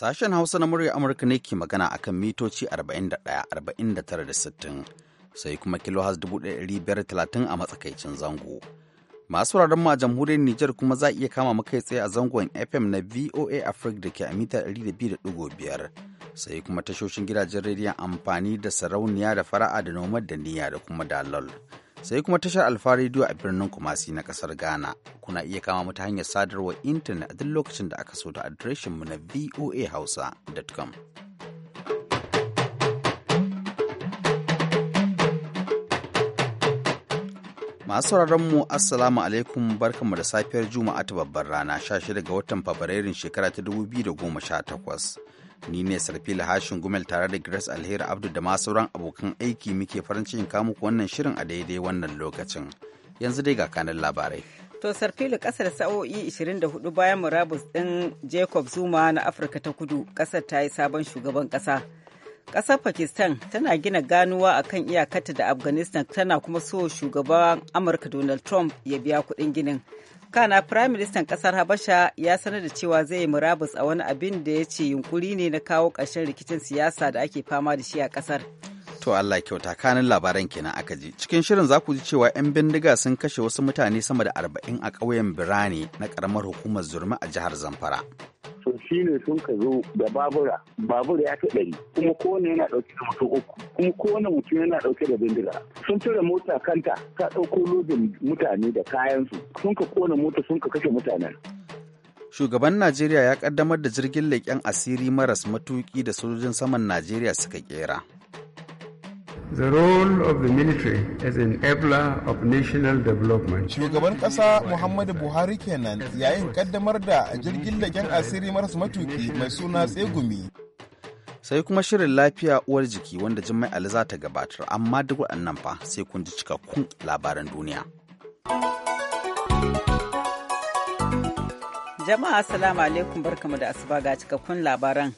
Sashen Hausa na murya Amurka ne ke magana a kan mitoci 41-49-60 sai kuma kilohaz 1530 a matsakaicin zango. Masu mu a jamhuriyar Nijar kuma za iya kama makai tsaye a zangon FM na VOA Africa da ke a mita 200.5 sai kuma tashoshin gidajen rediyon amfani da sarauniya da fara'a da nomad da niyya da kuma dalol. sai kuma tashar Alfa rediyo a birnin Kumasi na kasar Ghana. Kuna iya kama mu ta hanyar sadarwar intanet a duk lokacin da aka so ta adireshin mu na voahausa.com. Masu mu Assalamu alaikum barkanmu da safiyar Juma'a ta babbar rana 16 ga watan Fabrairun shekara ta 2018. Ni ne Sarfila Hashin Gumel tare da Grace Alheri Abdu da ma sauran abokan aiki muke farin cikin ko wannan shirin a daidai wannan lokacin. Yanzu dai ga kanan labarai. To Sarfilu kasar sa'o'i 24 bayan murabus ɗin Jacob Zuma na Afirka ta kudu kasar ta yi sabon shugaban ƙasa. Ƙasar Pakistan tana gina ganuwa a kan iyakarta da Afghanistan tana kuma so shugaban Amurka Donald Trump ya biya kuɗin ginin. kana prime minister kasar habasha ya sanar da cewa zai yi murabus a wani abin da ya ce yunkuri ne na kawo ƙarshen rikicin siyasa da ake fama da shi a kasar To Allah kyauta kanin labaran kenan aka ji. Cikin shirin za ku ji cewa 'yan bindiga sun kashe wasu mutane sama da arba'in a ƙauyen Birane na ƙaramar hukumar Zurmi a jihar Zamfara. To shi ne sun ka zo da babura, babura ya ɗari, kuma kowane yana ɗauke da mutum uku, kuma kowane mutum yana ɗauke da bindiga. Sun cire mota kanta, ta ɗauko lodin mutane da kayansu, sun ka kona mota sun ka kashe mutanen. shugaban Najeriya ya kaddamar da jirgin leƙen asiri maras matuƙi da sojojin saman Najeriya suka ƙera. The role of the military as an enabler of national development. Shugaban ƙasa Muhammadu Buhari kenan yayin kaddamar da jirgin leken asiri maras matuki mai suna tsegumi. Sai kuma shirin lafiya uwar jiki wanda Jummai Ali za ta gabatar amma duk waɗannan fa sai kun ji cikakkun labaran duniya. Jama'a assalamu alaikum barkamu da asuba ga cikakkun labaran.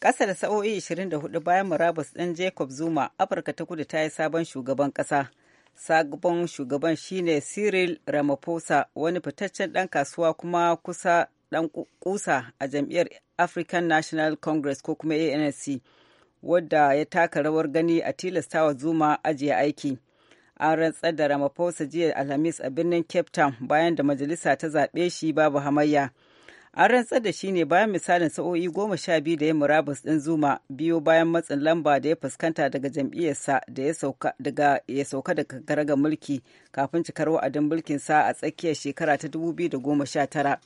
Ƙasa da sa'o'i 24 bayan murabus ɗin Jacob Zuma, Afirka ta kudu ta yi sabon shugaban ƙasa. Sabon shugaban shine Cyril Ramaphosa, wani fitaccen ɗan kasuwa kuma kusa ɗan ƙusa a jam'iyyar African National Congress ko kuma ANC, wadda ya taka rawar gani a tilastawa Zuma ajiye aiki. An rantsar da Ramaphosa jiya Alhamis a birnin Cape Town bayan da majalisa ta zaɓe shi babu hamayya. an rantsar da shi ne bayan misalin sa'o'i goma sha biyu da ya murabus ɗin zuma biyu bayan matsin lamba da ya fuskanta daga jam'iyyarsa da ya sauka daga ya sauka daga garagar mulki kafin cikar wa'adin mulkin sa a tsakiyar shekara ta 2019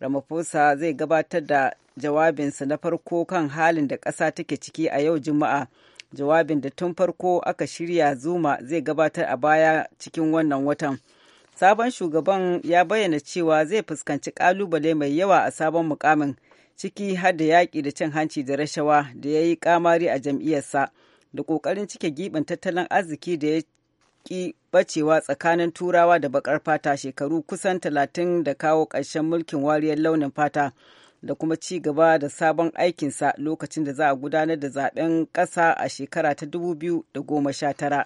ramaphosa zai gabatar da jawabinsa na farko kan halin da ƙasa take ciki a yau juma'a jawabin da tun farko aka shirya zuma zai gabatar a baya cikin wannan watan. sabon shugaban ya bayyana cewa zai fuskanci kalubale mai yawa a sabon mukamin ciki har da yaƙi da cin hanci da rashawa da ya yi kamari a jam'iyyarsa da ƙoƙarin cike giɓin tattalin arziki da ya ki bacewa tsakanin turawa da baƙar fata shekaru kusan talatin da kawo ƙarshen mulkin wariyar launin fata da kuma ci gaba da sabon aikinsa lokacin da za a gudanar da zaben ƙasa a shekara ta 2019.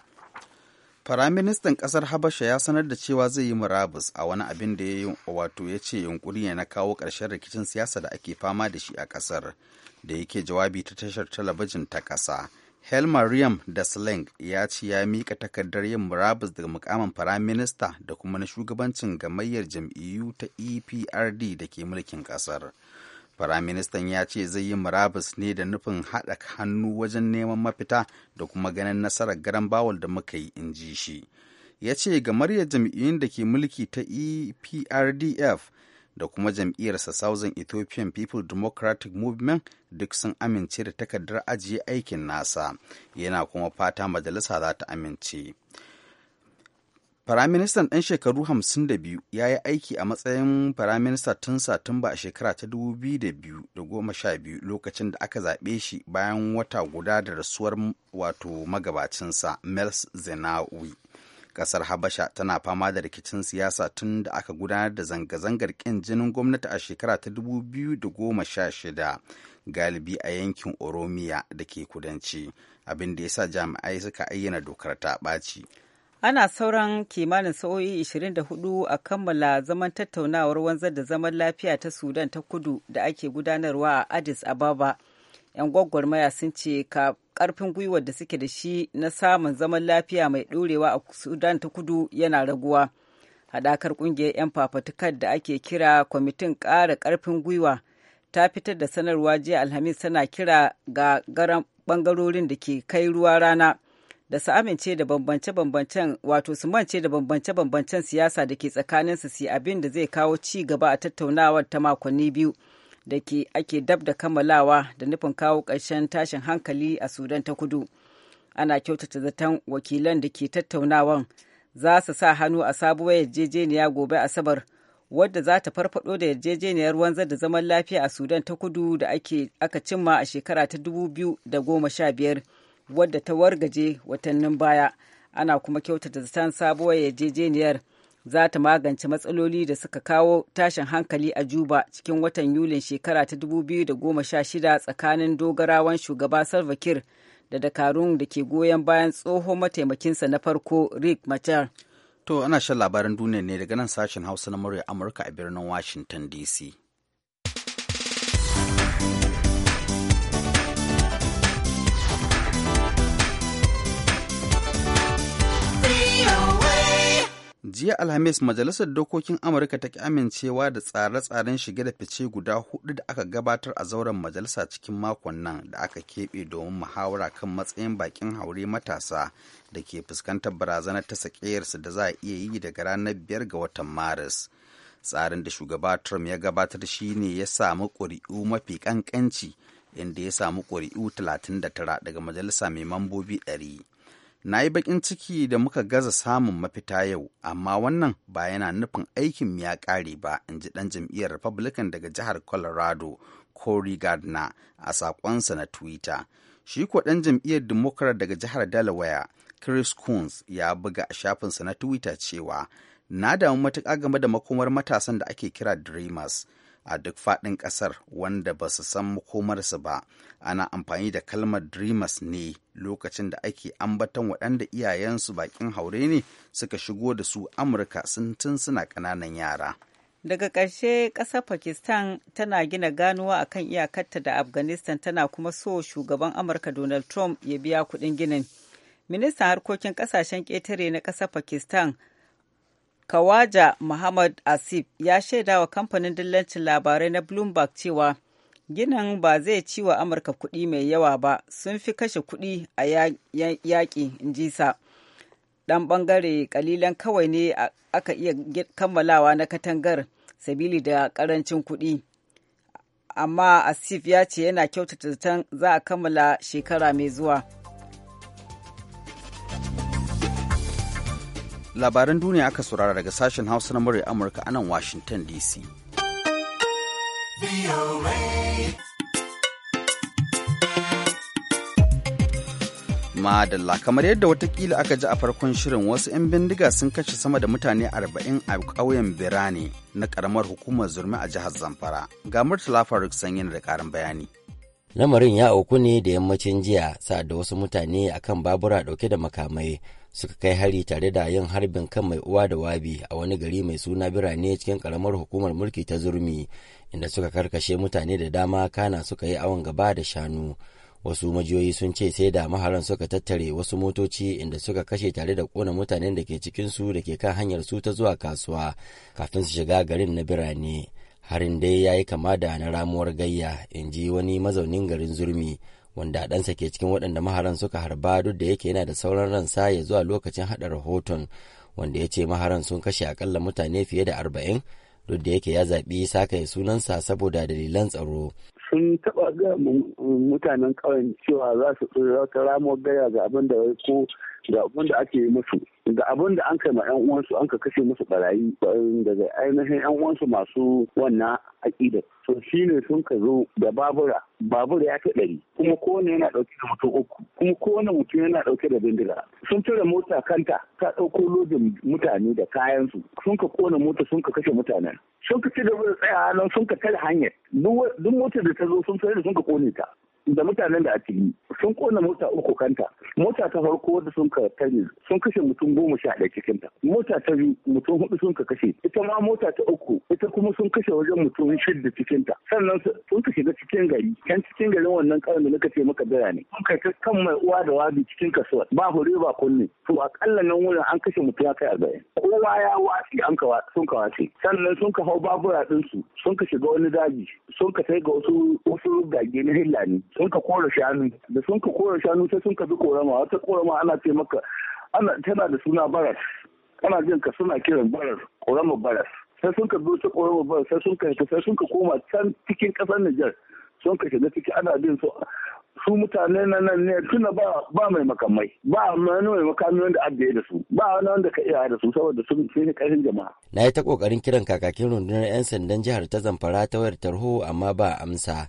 Firaministan ƙasar Habasha ya sanar da cewa zai yi murabus a wani abin da ya yi wato ya ce yunkuri ne na kawo ƙarshen rikicin siyasa da ake fama da shi a ƙasar da yake jawabi ta tashar talabijin ta ƙasa. Helmariam Sling ya ce ya mika takardar yin murabus daga mukamin firaminista da kuma na shugabancin gamayyar jam'iyyu ta EPRD da ke mulkin ƙasar. Firaministan ya ce zai yi murabus ne da nufin haɗa hannu wajen neman mafita da kuma ganin nasarar garan bawal da muka yi in ji shi. Ya ce gamaryar jam'iyyun da ke mulki ta EPRDF da kuma jam'iyyarsa Southern Ethiopian People Democratic Movement duk sun amince da takardar ajiye aikin nasa, yana kuma fata majalisa za ta amince. Firaministan ɗan shekaru 52 ya yi aiki a matsayin firaminista tun Satumba a shekara ta 2012 lokacin da aka zaɓe shi bayan wata guda da rasuwar wato magabacinsa Mels Zenawi. Ƙasar Habasha tana fama da rikicin siyasa tun da aka gudanar da zanga-zangar ƙin jinin gwamnati a shekara ta 2016 galibi a yankin Oromiya da ke kudanci, abin da ya sa jami'ai suka ayyana dokar ta ɓaci. ana sauran kimanin sa'o'i 24 a kammala zaman tattaunawar wanzar da zaman lafiya ta sudan ta kudu da ake gudanarwa a addis ababa 'yan gwagwarmaya sun ce ka karfin gwiwar da suke da shi na samun zaman lafiya mai ɗorewa a sudan ta kudu yana raguwa hadakar ƙungiyar 'yan fafatukar da ake kira kwamitin ƙara ƙarfin gwiwa ta fitar da sanarwa jiya alhamis tana kira ga garan bangarorin da ke kai ruwa rana da su amince da bambance-bambancen wato su mance da bambance-bambancen siyasa da ke tsakanin su si abin da zai kawo ci gaba a tattaunawar ta makonni biyu da ke ake dab da kammalawa da nufin kawo ƙarshen tashin hankali a sudan ta kudu ana kyautata zaton wakilan da ke tattaunawan za su sa hannu a sabuwar yarjejeniya gobe asabar wadda za ta farfado da yarjejeniyar wanzar da zaman lafiya a sudan ta kudu da aka cimma a shekara ta 2015 wadda ta wargaje watannin baya ana kuma kyautata zaton sabuwar yarjejeniyar za ta magance matsaloli da suka kawo tashin hankali a juba cikin watan yulin shekara ta 2016 tsakanin dogarawan shugaba salvakir da dakarun da ke goyon bayan tsoho mataimakinsa na farko rick machar to ana shan labaran duniya ne daga nan sashen hausa na murya amurka a birnin washington dc jiya alhamis majalisar dokokin amurka ta ki amincewa da tsare-tsaren shige da fice guda hudu da aka gabatar a zauren majalisa cikin makon nan da aka keɓe domin muhawara kan matsayin bakin haure matasa da ke fuskantar barazanar ta sakeyarsu da za a iya yi daga ranar biyar ga watan maris tsarin da shugaba trump ya gabatar ne ya samu ƙuri'u mafi ƙanƙanci inda ya samu ƙuri'u 39 daga majalisa mai mambobi 100 na yi baƙin ciki da muka gaza samun mafita yau amma wannan ba yana nufin aikin ya ƙare ba in ji ɗan jam'iyyar republican daga jihar colorado cory gardner a saƙonsa na twitter shi ko ɗan jam'iyyar democrat daga jihar delaware chris coons ya buga a shafinsa na twitter cewa na damu matuƙa game da makomar matasan da ake kira dreamers a duk faɗin ƙasar wanda ba su san makomarsu ba ana amfani da kalmar dreamers ne lokacin da ake ambaton waɗanda iyayensu baƙin haure ne suka shigo da su amurka sun tun suna ƙananan yara daga ƙarshe ƙasar pakistan tana gina ganuwa a kan iyakarta da afghanistan tana kuma so shugaban amurka donald trump ya biya kuɗin ginin ministan harkokin ƙasashen ƙetare na ƙasar pakistan Kawaja Muhammad Asif ya shaida wa kamfanin dillancin labarai na Bloomberg cewa ginin ba zai ci wa Amurka kuɗi mai yawa ba sun fi kashe kuɗi a yaƙi in sa. Ɗan ɓangare ƙalilan kawai ne aka iya kammalawa na katangar sabili da ƙarancin kuɗi. Amma Asif ya ce yana kyautata zaton za a kammala shekara mai zuwa. labaran duniya aka saurara daga sashen hausa na murya amurka a nan washington dc madalla kamar yadda watakila aka ji a farkon shirin wasu 'yan bindiga sun kashe sama da mutane 40 a ƙauyen birane na ƙaramar hukumar zurmi a jihar zamfara ga murtala faruk sanyin da ƙarin bayani lamarin ya auku ne da yammacin jiya sa'ad da wasu mutane akan babura ɗauke da makamai suka kai hari tare da yin harbin kan mai uwa da wabi a wani gari mai suna birane cikin karamar hukumar mulki ta zurmi inda suka karkashe mutane da dama kana suka yi awon gaba da shanu wasu majiyoyi sun ce sai da maharan suka tattare wasu motoci inda suka kashe tare da kona mutanen da ke cikinsu da ke kan hanyar su ta zuwa kasuwa kafin su shiga garin na birane harin dai ya yi kama da na ramuwar gayya in ji wani mazaunin garin zurmi wanda ɗansa ke cikin waɗanda maharan suka harba duk da yake yana da sauran ransa ya zuwa lokacin haɗa rahoton wanda ya ce maharan sun kashe akalla mutane fiye da arba'in duk da yake ya zaɓi ya sunansa saboda dalilan tsaro. sun taɓa ga mutanen ƙauyen cewa za su ramo gaya ga abin ga abin da ake yi musu da abin da an kai ma yan uwansu an ka kashe musu barayi daga ainihin yan uwansu masu wannan aƙida to shine sun ka zo da babura babura ya kai ɗari kuma kowane yana ɗauke da mutum uku kuma kowane mutum yana ɗauke da bindiga sun cire mota kanta ta ɗauko lodin mutane da kayansu sun ka kona mota sun ka kashe mutanen sun ka ci da wuri tsayawa nan sun ka tare hanyar duk motar da ta zo sun tare da sun ka kone ta da mutanen da a yi. sun kona mota uku kanta mota ta farko wadda sun ka tare sun kashe mutum goma sha ɗaya cikin ta mota ta biyu mutum hudu sun ka kashe ita ma mota ta uku ita kuma sun kashe wajen mutum shida cikin ta sannan sun ka shiga cikin gari can cikin garin wannan ƙauyen da naka ce maka daya ne sun kai kan mai uwa da wabi cikin kasuwa ba hure ba kunne to akalla nan wurin an kashe mutum ya kai arba'in kowa ya watsi an ka sun ka watsi sannan sun ka hau babura ɗinsu sun ka shiga wani daji sun ka kai ga wasu wasu gage na hillani sun ka kore shanu da sun ka kore shanu sai sun ka bi korama wata korama ana ce maka ana tana da suna baras ana jin ka suna kiran baras korama baras sai sun ka bi wata korama baras sai sun ka sai sun ka koma can cikin kasar Nijar sun ka shiga ciki ana bin su su mutane na nan ne tuna ba ba mai makamai ba wani mai makamai wanda abbe da su ba wani wanda ka iya da su saboda sun fi karin jama'a na yi ta kokarin kiran kakakin rundunar yan sandan jihar ta zamfara ta wayar tarho amma ba amsa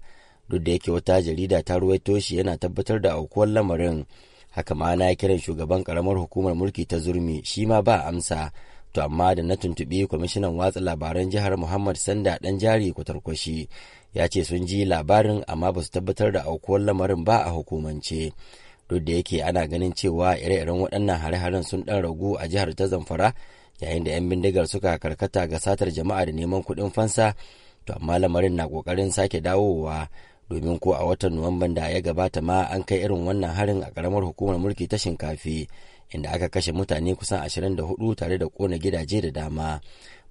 duk da yake wata jarida ta ruwaito shi yana tabbatar da aukuwar lamarin haka ma na kiran shugaban karamar hukumar mulki ta zurmi shi ma ba amsa to amma da na tuntuɓi kwamishinan watsa labaran jihar muhammad sanda dan jari kwatarkwashi ya ce sun ji labarin amma ba su tabbatar da aukuwar lamarin ba a hukumance duk da yake ana ganin cewa ire-iren waɗannan hare-haren sun ɗan ragu a jihar ta zamfara yayin da 'yan bindigar suka karkata ga satar jama'a da neman kuɗin fansa to amma lamarin na ƙoƙarin sake dawowa domin ko a watan nuwamban da ya gabata ma an kai irin wannan harin a karamar hukumar mulki ta shinkafi inda aka kashe mutane kusan 24 tare da kona gidaje da dama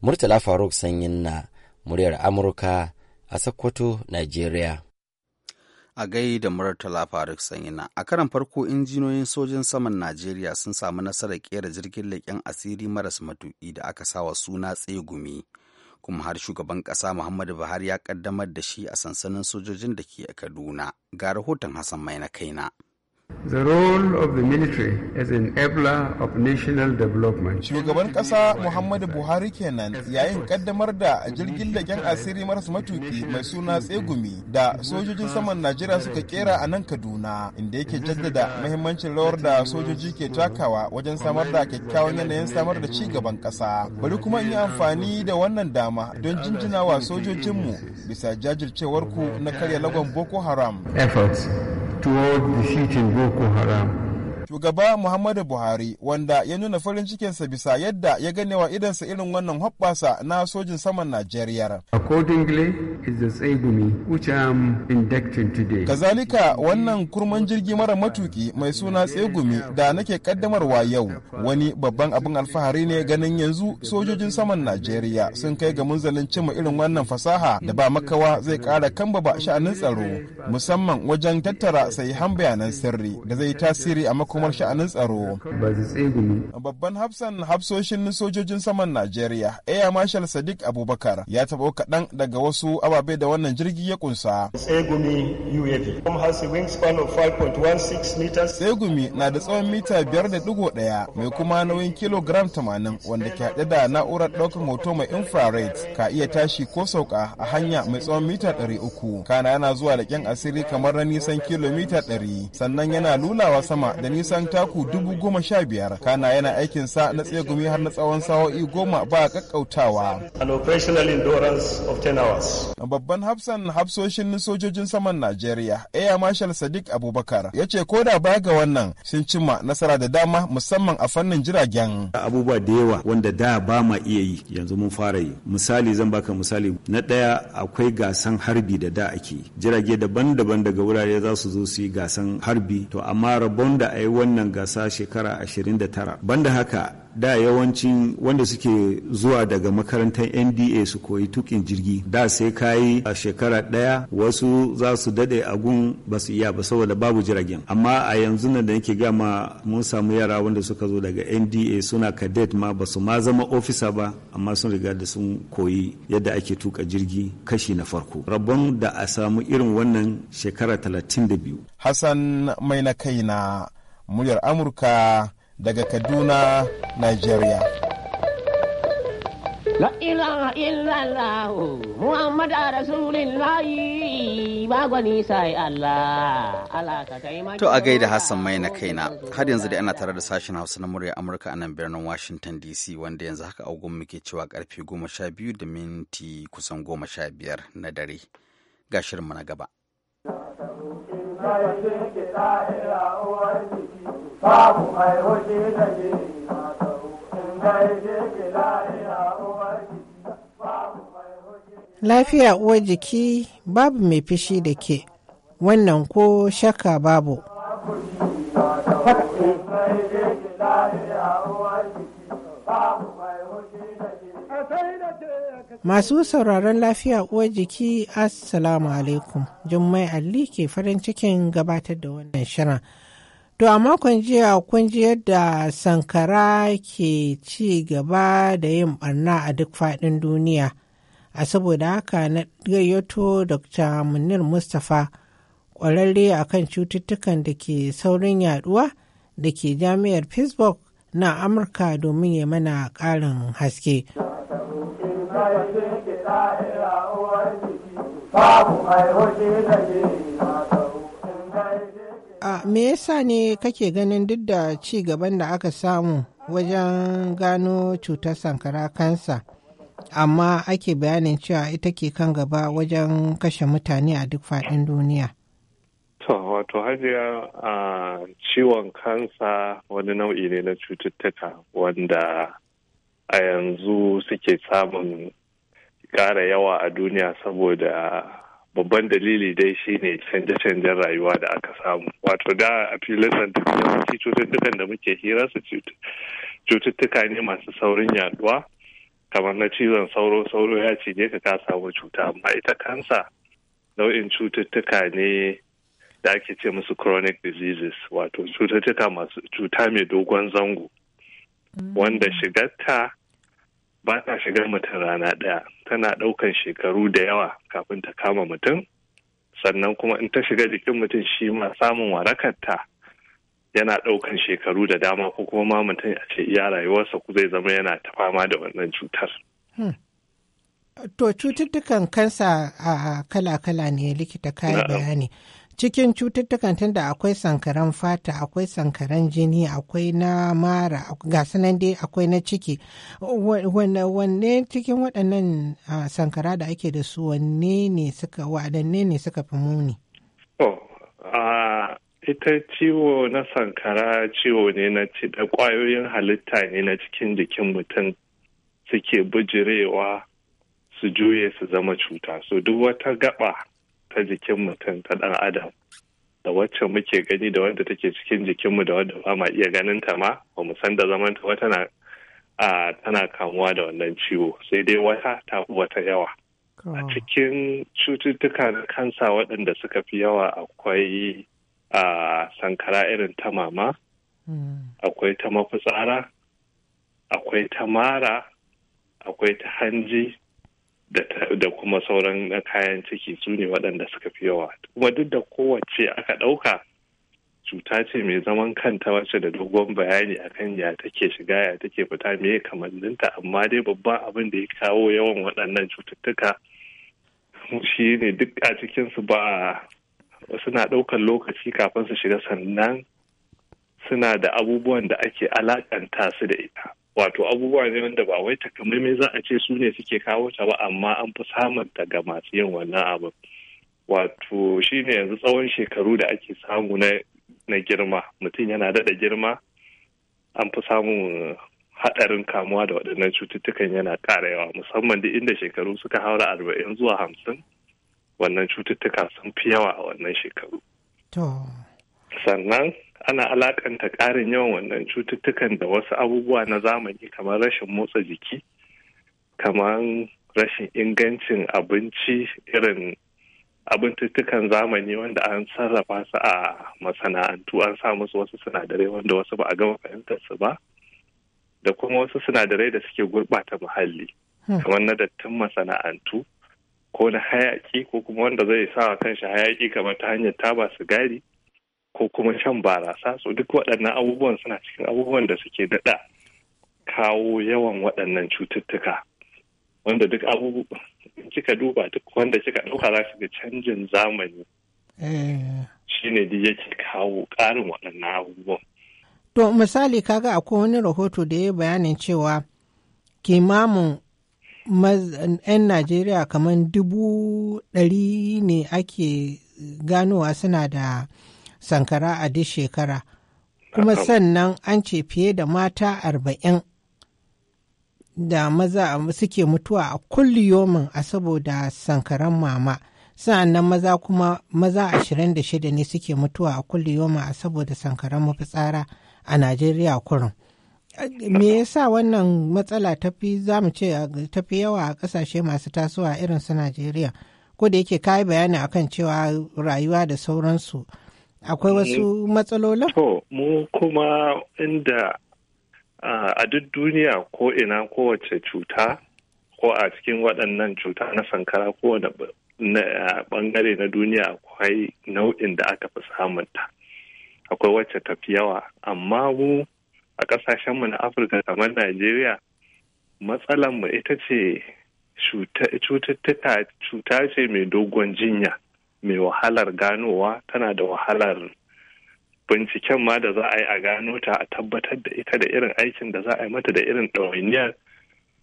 murtala faruk sanyin na muryar amurka a sokoto nigeria a gai da murtala faruk sanyina a karan farko injiniyoyin sojin saman najeriya sun samu nasarar kera jirgin leƙen asiri maras matuƙi da aka sawa suna tsegumi kuma har shugaban ƙasa Muhammadu Buhari ya ƙaddamar da shi a sansanin sojojin da ke a Kaduna. Ga rahoton Hassan Mai na kaina. The role of the military as of national development. Shugaban ƙasa Muhammadu Buhari kenan yayin kaddamar da jirgin leken asiri marasa matuki mai suna tsegumi da sojojin saman Najeriya suka kera a nan Kaduna inda yake jaddada mahimmancin rawar da sojoji ke takawa wajen samar da kyakkyawan yanayin samar da ci ƙasa. Bari kuma in yi amfani da wannan dama don jinjinawa sojojinmu bisa jajircewar ku na karya lagon Boko Haram. Efforts. toward in Boko Haram. shugaba Muhammadu Buhari wanda ya nuna farin cikinsa bisa yadda ya gane wa idansa irin wannan hoɓɓasa na sojin saman Najeriya. Kazalika wannan kurman jirgi mara matuki mai suna tsegumi da nake kaddamarwa yau wani babban abin alfahari ne ganin yanzu sojojin saman Najeriya sun kai ga munzalin cimma irin wannan fasaha da ba makawa zai kara kambaba sha'anin tsaro musamman wajen tattara sai han bayanan sirri da zai tasiri a makoma tarzomar sha'anin tsaro. Babban hafsan hafsoshin sojojin saman Najeriya, Air Marshal Sadiq Abubakar ya taɓo kaɗan daga wasu ababe da wannan jirgi ya kunsa. Tsegumi na da tsawon mita biyar da ɗaya mai kuma nauyin kilogram tamanin wanda ke haɗe da na'urar ɗaukar hoto mai infrared ka iya tashi ko sauka a hanya mai tsawon mita ɗari uku kana yana zuwa da kyan asiri kamar na nisan kilomita ɗari sannan yana lulawa sama da nisan nisan taku dubu goma sha biyar kana yana aikin sa na tsegumi har na tsawon sa'o'i goma ba kakkautawa babban hafsan hafsoshin sojojin saman najeriya air marshal sadiq abubakar ya ce ko da baya ga wannan sun cimma nasara da dama musamman a fannin jiragen abubuwa da yawa wanda da ba ma iya yi yanzu mun fara yi misali zan baka misali na daya akwai gasan harbi da da ake jirage daban-daban daga wurare za su zo su yi gasan harbi to amma rabon da a wannan gasa shekara 29 banda haka da yawancin wanda suke zuwa daga makarantar nda su koyi tukin jirgi da sai kayi a shekara ɗaya wasu za su dade a gun ba su iya ba saboda babu jiragen amma a yanzu nan da nake gama mun samu yara wanda suka zo daga nda suna cadet ma ba su ma zama ofisa ba amma sun riga da sun koyi yadda ake tuka jirgi kashi na farko rabon da a samu irin wannan shekara 32 hassan mai na kaina muryar amurka daga kaduna nigeria La ilaha illallah Muhammad Rasulullah ba gwani sai Allah Allah ka kai To a gaida Hassan mai na kaina har yanzu da ana tare da sashen Hausa na murya Amurka a nan birnin Washington DC wanda yanzu haka agun muke cewa karfe 12 da minti kusan 15 na dare ga shirin mu na gaba. babu mai Lafiya uwar jiki babu mai fishi da ke, wannan ko shakka babu. Masu sauraron lafiya uwar jiki, Assalamu alaikum, Jummai Ali ke farin cikin gabatar da wannan shirin. To a makon jiya kun ji yadda sankara ke ci gaba da yin barna a duk faɗin duniya. A saboda haka na gayyato Dr. Munir Mustapha ƙwararre a kan cututtukan da ke saurin yaduwa da ke jami'ar Facebook na Amurka domin ya mana ƙarin haske. Babu ai hoje da ke a me yasa ne kake ganin duk da ci gaban da aka samu wajen gano cutar sankara kansa amma ake bayanin cewa ita ke kan gaba wajen kashe mutane a duk faɗin duniya to wato hajiya a ciwon kansa wani nau'i ne na cututtuka wanda a yanzu suke samun ƙara yawa a duniya saboda babban dalili dai shine canje-canjen rayuwa da aka samu wato da a filin santafi cututtukan da muke hira su cututtuka ne masu saurin yaduwa kamar na cizon sauro sauro ya cije ka ka samu cuta amma ita kansa nau'in cututtuka ne da ake ce musu chronic diseases wato cututtuka masu cuta mai dogon zango mm. wanda shigarta ba ta shigar mutum rana ɗaya tana ɗaukan shekaru da yawa kafin ta kama mutum sannan kuma in ta shiga jikin mutum shi ma samun warakarta yana ɗaukan shekaru da dama ko kuma ma mutum a ce iya rayuwarsa ku zai zama yana ta fama da wannan cutar. Hmm. To cututtukan kansa a ah, kala-kala ne likita kayi bayani. cikin cututtukan tunda akwai sankaran fata akwai sankaran jini akwai na mara ga sanan dai akwai na ciki wanne cikin waɗannan sankara da ake da su wanne ne suka waɗanne ne suka fi muni ita ciwo na sankara ciwo ne na da ƙwayoyin halitta ne na cikin jikin mutum suke bijirewa su juye su zama cuta so duk wata gaba ta jikin mutum ta ɗan adam da wacce muke gani da wanda take cikin jikinmu da wanda ba ma iya ganin ta ma ba mu san da zaman ta tana a tana kamuwa da wannan ciwo sai dai wata ta wata yawa a cikin cututtuka na kansa waɗanda suka fi yawa akwai a sankara irin ta mama hmm. akwai ta mafitsara akwai ta mara akwai ta hanji da kuma sauran kayan ciki su ne waɗanda suka fi yawa kuma duk da kowace aka ɗauka cuta ce mai zaman kanta wacce da dogon bayani akan ya take shiga ya take fita me ya amma dai babban abin da ya kawo yawan waɗannan cututtuka shi ne duk a cikinsu ba suna ɗaukar lokaci kafin su shiga sannan suna da abubuwan da ake alakanta su da ita wato abubuwa ne wanda ba wai takamaimai za a ce su ne suke kawo ta ba amma an fi samun daga masu yin wannan abin wato shi ne yanzu tsawon shekaru da ake samu na girma mutum yana daɗa girma an fi samun haɗarin kamuwa da waɗannan cututtukan yana ƙara yawa musamman da inda shekaru suka haura arba'in zuwa hamsin wannan cututtuka sun fi yawa a wannan shekaru sannan ana alakanta ƙarin yawan wannan cututtukan da wasu abubuwa na zamani kamar rashin motsa jiki kamar rashin ingancin abinci irin abincittukan zamani wanda an sarrafa su a masana'antu an sa musu wasu sinadarai wanda wasu ba a gama fahimtar su ba da kuma wasu sinadarai da suke gurɓata muhalli hmm. kamar na dattin masana'antu ko na hayaki ko kuma wanda zai sa kanshi hayaki kamar ta hanyar taba sigari ko kuma shan barasa so duk waɗannan abubuwan suna cikin abubuwan da suke daɗa kawo yawan waɗannan cututtuka wanda duk abubuwan kika duba duk wanda kika ɗauka za su ga canjin zamani eh. Shi ne duk yake kawo ƙarin waɗannan abubuwan to misali kaga akwai wani rahoto da ya bayanin cewa kimamin 'yan najeriya kamar dubu ɗari ne ake ganowa suna da sankara a duk shekara kuma sannan an ce fiye da mata arba'in da maza suke mutuwa a kulliyomin a saboda sankaran mama sa'annan maza kuma maza ashirin da shida ne suke mutuwa a yomin a saboda sankaran mafitsara a najeriya kurin me yasa wannan matsala tafi za mu ce tafi yawa a kasashe masu tasowa irin su najeriya ko da yake kayi bayani akan cewa rayuwa da sauransu akwai mm. wasu matsalolin? To, mu kuma inda a duk duniya ko ina kowace cuta ko a cikin waɗannan cuta na sankara ko na ɓangare na duniya akwai nau'in da aka fi samunta. Akwai wacce tafi yawa, amma mu a ƙasashen mu na Afirka kamar Najeriya, matsalanmu ita ce cuta ce mai dogon jinya. mai wahalar ganowa tana da wahalar binciken ma da za a yi a gano ta a tabbatar da ita da irin aikin da za a yi mata da irin ɗawainiyar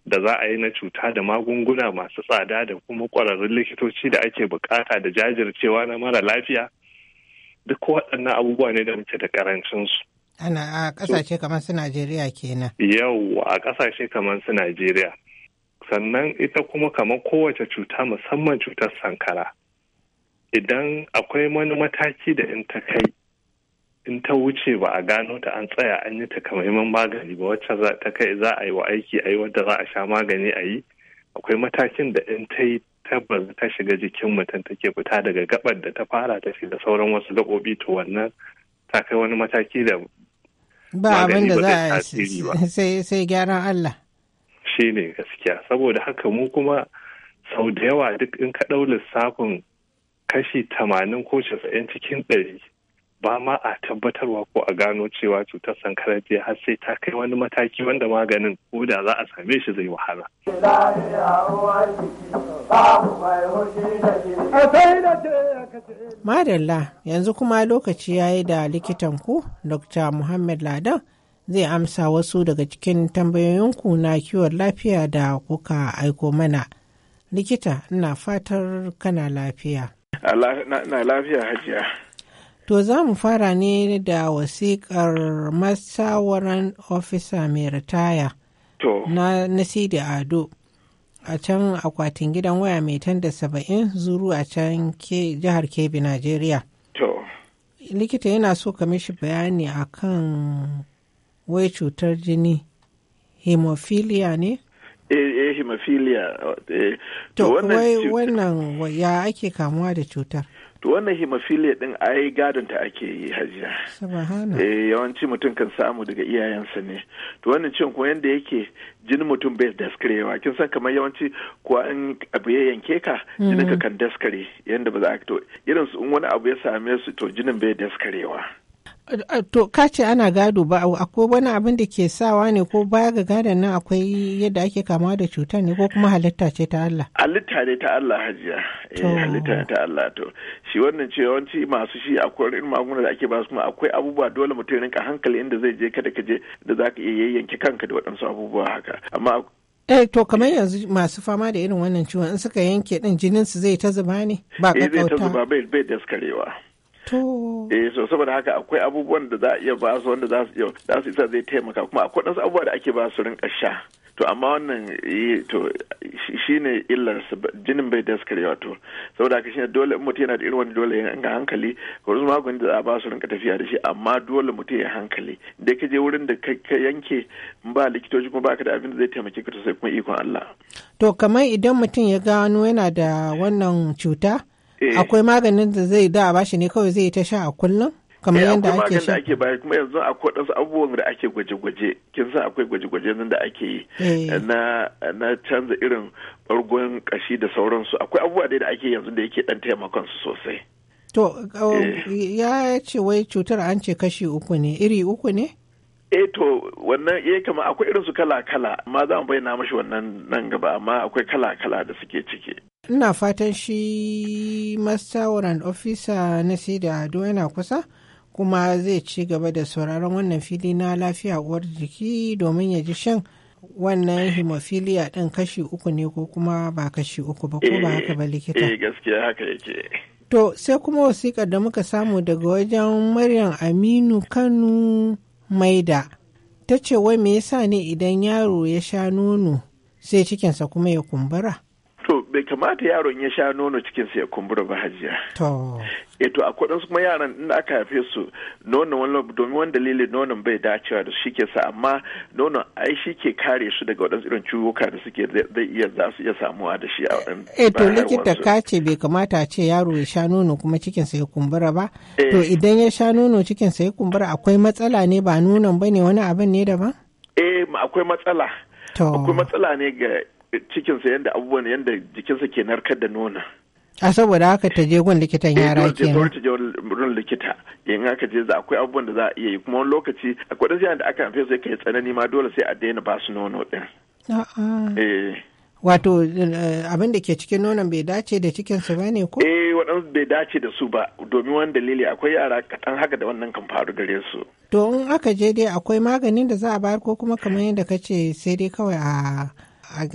da za a yi na cuta da magunguna masu tsada da kuma ƙwararrun likitoci da ake bukata da jajircewa na mara lafiya duk waɗannan abubuwa ne da muke da ƙarancinsu. Ana a ƙasashe kamar su Najeriya kenan. Yau a ƙasashe kamar su Najeriya. Sannan ita kuma kamar kowace cuta musamman cutar sankara. idan akwai wani mataki da in ta kai in ta wuce ba a gano ta an tsaya an yi takamaiman magani ba wacce za ta kai za a yi wa aiki a yi wadda za a sha magani a yi akwai matakin da in ta yi tabbas ta shiga jikin mutum take fita daga gabar da ta fara ta da sauran wasu gabobi to wannan ta kai wani mataki da ba abin da za a sai gyaran Allah shi gaskiya saboda haka mu kuma sau da yawa duk in ka ɗau lissafin kashi tamanin ko casa'in cikin ɗari ba ma a tabbatarwa ko a gano cewa cutar sankara ce har sai ta kai wani mataki wanda maganin ko da za a same shi zai wahala. Madalla yanzu kuma lokaci ya yi da likitan ku Dr. Muhammad Ladan zai amsa wasu daga cikin tambayoyinku na kiwon lafiya da kuka aiko mana. Likita, na fatar kana lafiya. na lafiya hajiya to za mu fara ne da wasiƙar masawaran ofisa mai ritaya na nasidi ado a can akwatin gidan waya mai tanda saba'in zuru a can jihar kebbi najeriya likita yana so ka mishi bayani akan wai cutar jini hemophilia ne eh hemophilia to wannan ya ake kamuwa da cutar to wannan hemophilia din ai gadon ta ake yi hajiya eh yawanci mutum kan samu daga iyayensa ne to wannan cin ko yanda yake jinin mutum bai daskarewa kin san kamar yawanci ko an abu ya yanke ka mm. jinin ka kan daskare yanda ba za ka to irin su in wani abu ya same su to jinin bai daskarewa To ka ce ana gado ba akwai wani abin da ke sawa ne ko baya ga gadon nan akwai yadda ake kama da cutar ne ko kuma halitta ce ta Allah? Halitta ne ta Allah hajiya. Eh halitta ne ta Allah to. Shi wannan ce yawanci masu shi akwai irin magunguna da ake ba su kuma akwai abubuwa dole mutum rinka hankali inda zai je kada ka je da za ka iya yayyanke kanka da waɗansu abubuwa haka. Amma Eh, to kamar yanzu masu fama da irin wannan ciwon in suka yanke din jinin su zai ta zuba ne ba ka kauta. Eh zai ta zuba bai da skarewa. eh so saboda haka akwai abubuwan da za a iya ba su wanda za su iya za su isa zai taimaka kuma akwai wasu abubuwa da ake ba su rinka sha to amma wannan eh, to shi ne illar jinin bai daskare to saboda haka shine dole in mutum yana da irin wani dole yin ga hankali ko su magani da za a ba su rinka tafiya da shi amma dole mutum ya hankali da ka je wurin da ka yanke ba likitoci kuma baka da abin da zai taimake ka to sai kuma ikon Allah to kamar idan mutum ya gano yana da wannan cuta Eh. akwai maganin da zai da ba shi ne kawai zai ta sha a kullum kamar eh, yadda ake shi ake bayar kuma yanzu akwai ɗansu abubuwan da ake gwaje-gwaje kin san akwai gwaje-gwaje nan da ake yi eh. na na canza irin bargon kashi da sauransu akwai abubuwa da ake yanzu da yake dan taimakon su sosai to oh, ya ce wai cutar an ce kashi uku ne iri uku ne eh to wannan eh kama akwai irin su kala-kala amma za mu bayyana mashi wannan nan gaba amma akwai kala-kala da suke ciki ina fatan shi master warrant officer na sida ado yana kusa kuma zai ci gaba da sauraron wannan fili na lafiya uwar jiki domin ya ji shan wannan hemophilia ɗin kashi uku ne ko kuma ba kashi uku ba ko ba eh, haka ba likita. Eh gaskiya haka yake. To sai kuma wasiƙar da muka samu daga wajen Maryam Aminu Kano Maida. Ta ce wai me yasa ne idan yaro ya sha nono sai cikinsa kuma ya kumbura? kamata yaron ya sha nono cikinsa ya kumbura ba hajiya. Eto a eh, akwai kuma yaran in aka haife su nono wani domin wani dalilin nonon bai dacewa da su ke sa amma nono ai shi ke kare su daga waɗansu irin ciwuka da suke zai iya za su iya samuwa da shi a waɗansu. E eh, to likita ka ce bai kamata a ce yaro ya sha nono kuma cikinsa ya kumbura ba. Eh. To idan ya sha nono cikinsa ya kumbura akwai matsala ne ba nonon ba ne wani abin ne daban? Eh akwai matsala. akwai matsala ne ga cikinsa yadda abubuwan yadda jikinsa ke narkar da nona. a saboda haka ta je gun likitan eh, yara ke nan ta je gun likita in aka je za akwai abubuwan da za a iya yi kuma wani lokaci akwai dan yaran da aka haife su kai tsanani ma dole sai a daina ba su nono din eh. wato eh, abin da ke cikin nonon bai dace da cikin su ba ne ko eh waɗansu bai dace da su ba domin wani dalili akwai yara kaɗan haka da wannan kan faru gare su to in aka je dai akwai maganin da za a bayar ko kuma kamar yadda ka ce sai dai kawai a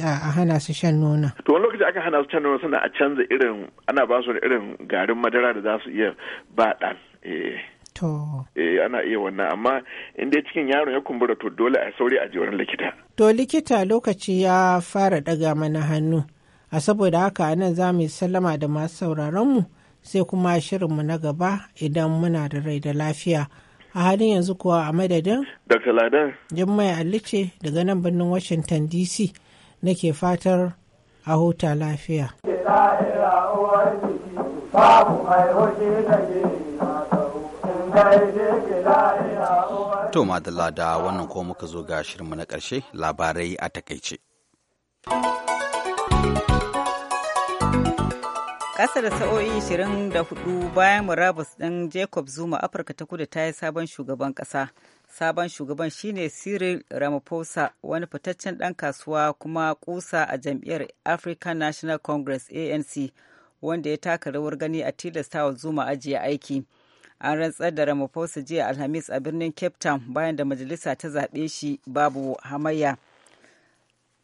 a hana su shan nonon. To wani lokaci aka hana su shan nonon suna a canza irin ana ba su irin garin madara da za su iya ba ɗan. Eh. To. Eh ana iya wannan amma in dai cikin yaron ya kumbura to dole a sauri a je likita. To likita lokaci ya fara ɗaga mana hannu. A saboda haka nan za mu sallama da masu sauraronmu sai kuma shirinmu na gaba idan muna da rai da lafiya. a halin yanzu kuwa a madadin? Dr. Ladan. Jummai Alice daga nan birnin Washington DC nake fatar a huta lafiya. To madalla da wannan ko muka zo ga shirinmu na ƙarshe labarai a takaice. Ƙasa da sa'o'i 24 bayan murabus ɗin Jacob Zuma Afirka ta kudu ta yi sabon shugaban ƙasa. sabon shugaban shine cyril ramaphosa wani fitaccen ɗan kasuwa kuma kusa a jam'iyyar african national congress anc wanda ya taka rawar gani a tilastawa zuma ajiye aiki an rantsar da ramaphosa jiya alhamis a birnin cape town bayan da majalisa ta zaɓe shi babu hamayya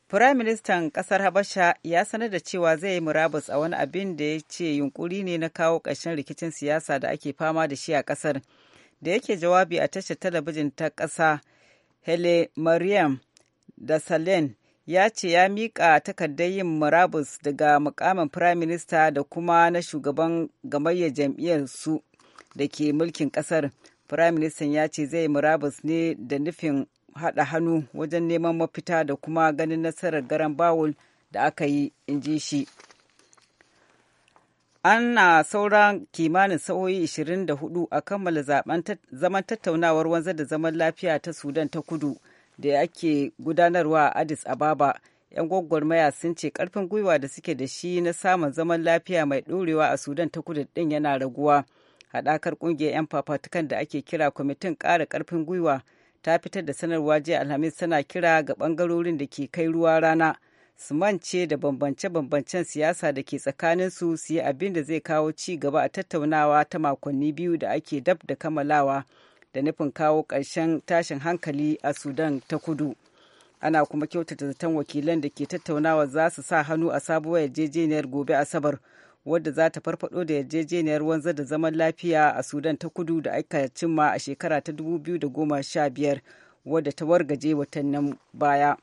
Firaministan ƙasar Habasha ya sanar da cewa zai yi murabus a wani abin da ya ce yunkuri ne na kawo ƙarshen rikicin siyasa da ake fama da shi a ƙasar. da yake jawabi a tashar talabijin ta ƙasa hele mariam da salen ya ce ya miƙa takardar yin murabus daga mukamin firaminista da kuma na shugaban gamayyar jam'iyyar su da ke mulkin ƙasar firaministan ya ce zai murabus ne da nufin haɗa hannu wajen neman mafita da kuma ganin nasarar garan bawul da aka yi in ji shi ana sauran kimanin sa'o'i 24 a kammala zaben zaman tattaunawar wanzu da zaman lafiya ta sudan ta kudu da ake gudanarwa a addis ababa 'yan gwagwarmaya sun ce karfin gwiwa da suke da shi na samun zaman lafiya mai ɗorewa a sudan ta kudu din yana raguwa haɗakar ƙungiyar 'yan fafatukan da ake kira kwamitin ƙara ƙarfin gwiwa ta fitar da sanarwa jiya alhamis tana kira ga ɓangarorin da ke kai ruwa rana su mance da bambance-bambancen siyasa da ke tsakaninsu su yi abin da zai kawo ci gaba a tattaunawa ta makonni biyu da ake dab da kammalawa da nufin kawo ƙarshen tashin hankali a sudan ta kudu ana kuma kyautata zaton wakilan da ke tattaunawa za su sa hannu a sabuwar yarjejeniyar gobe asabar wadda za ta farfado da yarjejeniyar wanzar da zaman lafiya a sudan ta kudu da aka cimma a shekara ta 2015 wadda ta wargaje watannin baya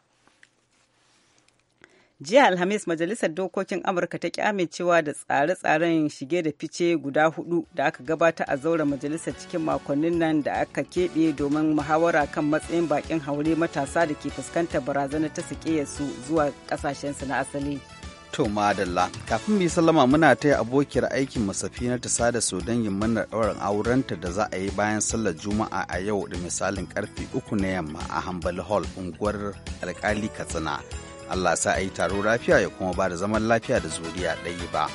jiya alhamis majalisar dokokin amurka ta ki amincewa da tsare-tsaren shige da fice guda hudu da aka gabata a zauren majalisar cikin makonnin nan da aka keɓe domin muhawara kan matsayin bakin haure matasa da ke fuskantar barazanar ta su zuwa kasashensu na asali to madalla kafin mu yi sallama muna taya abokiyar aikin masafi na tasa da so don yin mana ɗaurin aurenta da za a yi bayan sallar juma'a a yau da misalin karfe uku na yamma a hambal hall unguwar alkali katsina Allah sa a yi taro lafiya ya kuma ba da zaman lafiya da zuriya ɗaya ba.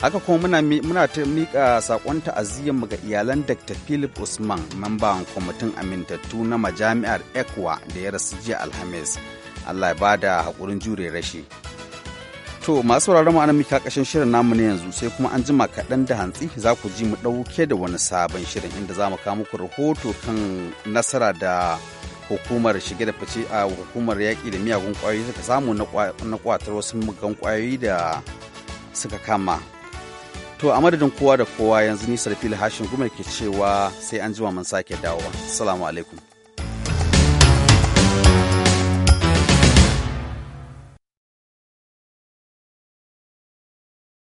Haka kuma muna, muna ta miƙa saƙon mu ga iyalan Dr. Philip Usman, mamban kwamitin amintattu na majami'ar Ekwa da ya rasu jiya Alhamis. Allah ya ba da haƙurin jure rashi. To masu sauraron mu ana muke kashin shirin namu ne yanzu sai kuma an jima kaɗan da hantsi za ku ji mu ɗauke da wani sabon shirin inda za mu kawo muku rahoto kan nasara da hukumar shige da fice a hukumar yaƙi da miyagun ƙwayoyi suka samu na ƙwatar wasu mugan ƙwayoyi da suka kama to a madadin kowa da kowa yanzu nisar fili hashin gumar ke cewa sai an jima mun sake dawowa salamu alaikum